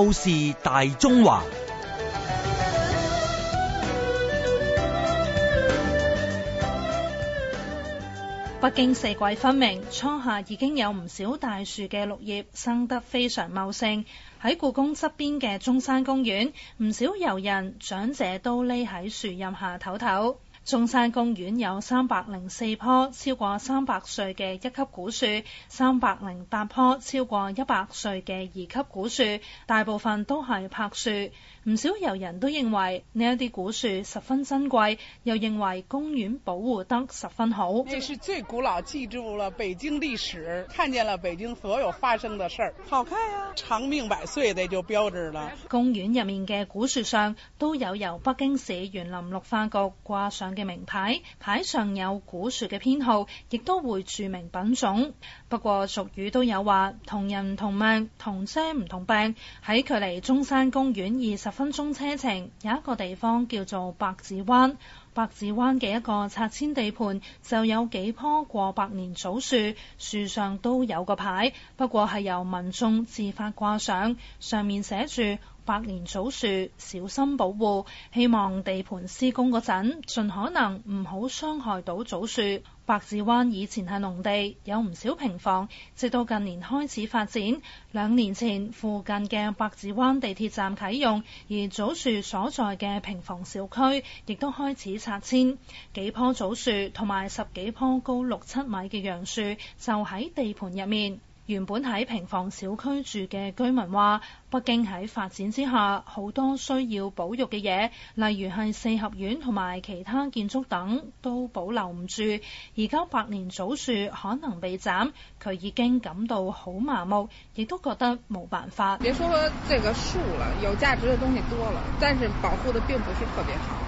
透視大中華。北京四季分明，初夏已經有唔少大樹嘅綠葉生得非常茂盛。喺故宮側邊嘅中山公園，唔少遊人、長者都匿喺樹蔭下唞唞。中山公園有三百零四棵超過三百歲嘅一級古樹，三百零八棵超過一百歲嘅二級古樹，大部分都係柏樹。唔少遊人都認為呢一啲古樹十分珍貴，又認為公園保護得十分好。這是最古老記住了北京歷史，看見了北京所有發生的事兒，好看啊！長命百歲的就標誌了。公園入面嘅古樹上都有由北京市園林綠化局掛上嘅名牌，牌上有古樹嘅編號，亦都會註明品種。不過俗語都有話：同人唔同命，同遮唔同柄。喺距離中山公園二十分鐘車程有一個地方叫做百子灣，百子灣嘅一個拆遷地盤就有幾棵過百年棗樹，樹上都有個牌，不過係由民眾自發掛上，上面寫住百年棗樹，小心保護，希望地盤施工嗰陣盡可能唔好傷害到棗樹。白子灣以前係農地，有唔少平房。直到近年開始發展，兩年前附近嘅百子灣地鐵站啟用，而棗樹所在嘅平房小區亦都開始拆遷。幾棵棗樹同埋十幾棵高六七米嘅楊樹就喺地盤入面。原本喺平房小區住嘅居民話，北京喺發展之下，好多需要保育嘅嘢，例如係四合院同埋其他建築等都保留唔住。而家百年棗樹可能被斬，佢已經感到好麻木，亦都覺得冇辦法。別說這個樹了，有價值的東西多了，但是保護的並不是特別好。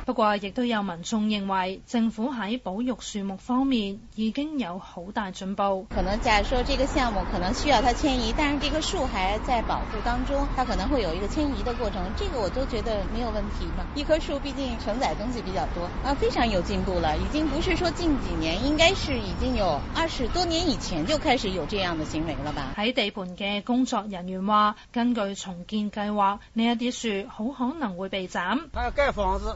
不過，亦都有民眾認為政府喺保育樹木方面已經有好大進步。可能假如說這個項目可能需要它遷移，但是這棵樹還在保護當中，它可能會有一個遷移的過程。這個我都覺得沒有問題嘛。一棵樹畢竟承載東西比較多，啊，非常有進步了，已經不是說近幾年，應該是已經有二十多年以前就開始有這樣的行為了吧？喺地盤嘅工作人員話，根據重建計劃，呢一啲樹好可能會被斬。蓋房子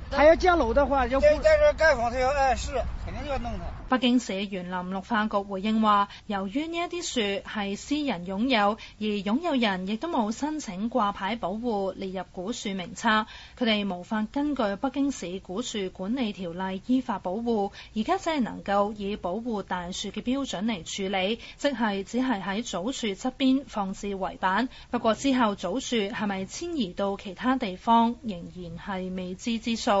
睇咗之後，老話要礙肯定要弄北京市園林綠化局回應話，由於呢一啲樹係私人擁有，而擁有人亦都冇申請掛牌保護列入古樹名冊，佢哋無法根據北京市古樹管理條例依法保護。而家只係能夠以保護大樹嘅標準嚟處理，即係只係喺棗樹側邊放置圍板。不過之後棗樹係咪遷移到其他地方，仍然係未知之數。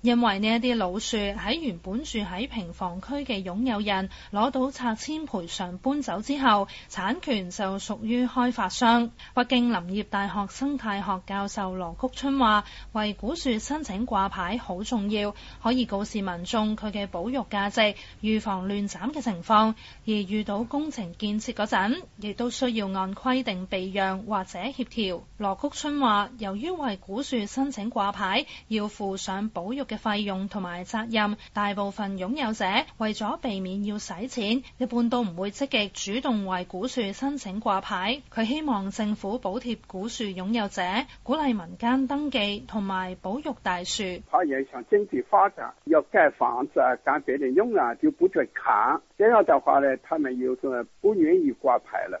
因為呢一啲老樹喺原本住喺平房區嘅擁有人攞到拆遷賠償搬走之後，產權就屬於開發商。北京林業大學生態學教授羅菊春話，為古樹申請掛牌好重要，可以告示民眾佢嘅保育價值，預防亂斬嘅情況。而遇到工程建設嗰陣，亦都需要按規定避讓或者協調。羅菊春話，由於為古樹申請掛牌，要附上保育嘅費用同埋責任，大部分擁有者為咗避免要使錢，一般都唔會積極主動為古樹申請掛牌。佢希望政府補貼古樹擁有者，鼓勵民間登記同埋保育大樹。經濟發展，要蓋房子啊，幹別的用啊，就不准砍。這樣的話呢他們又不願意掛牌了。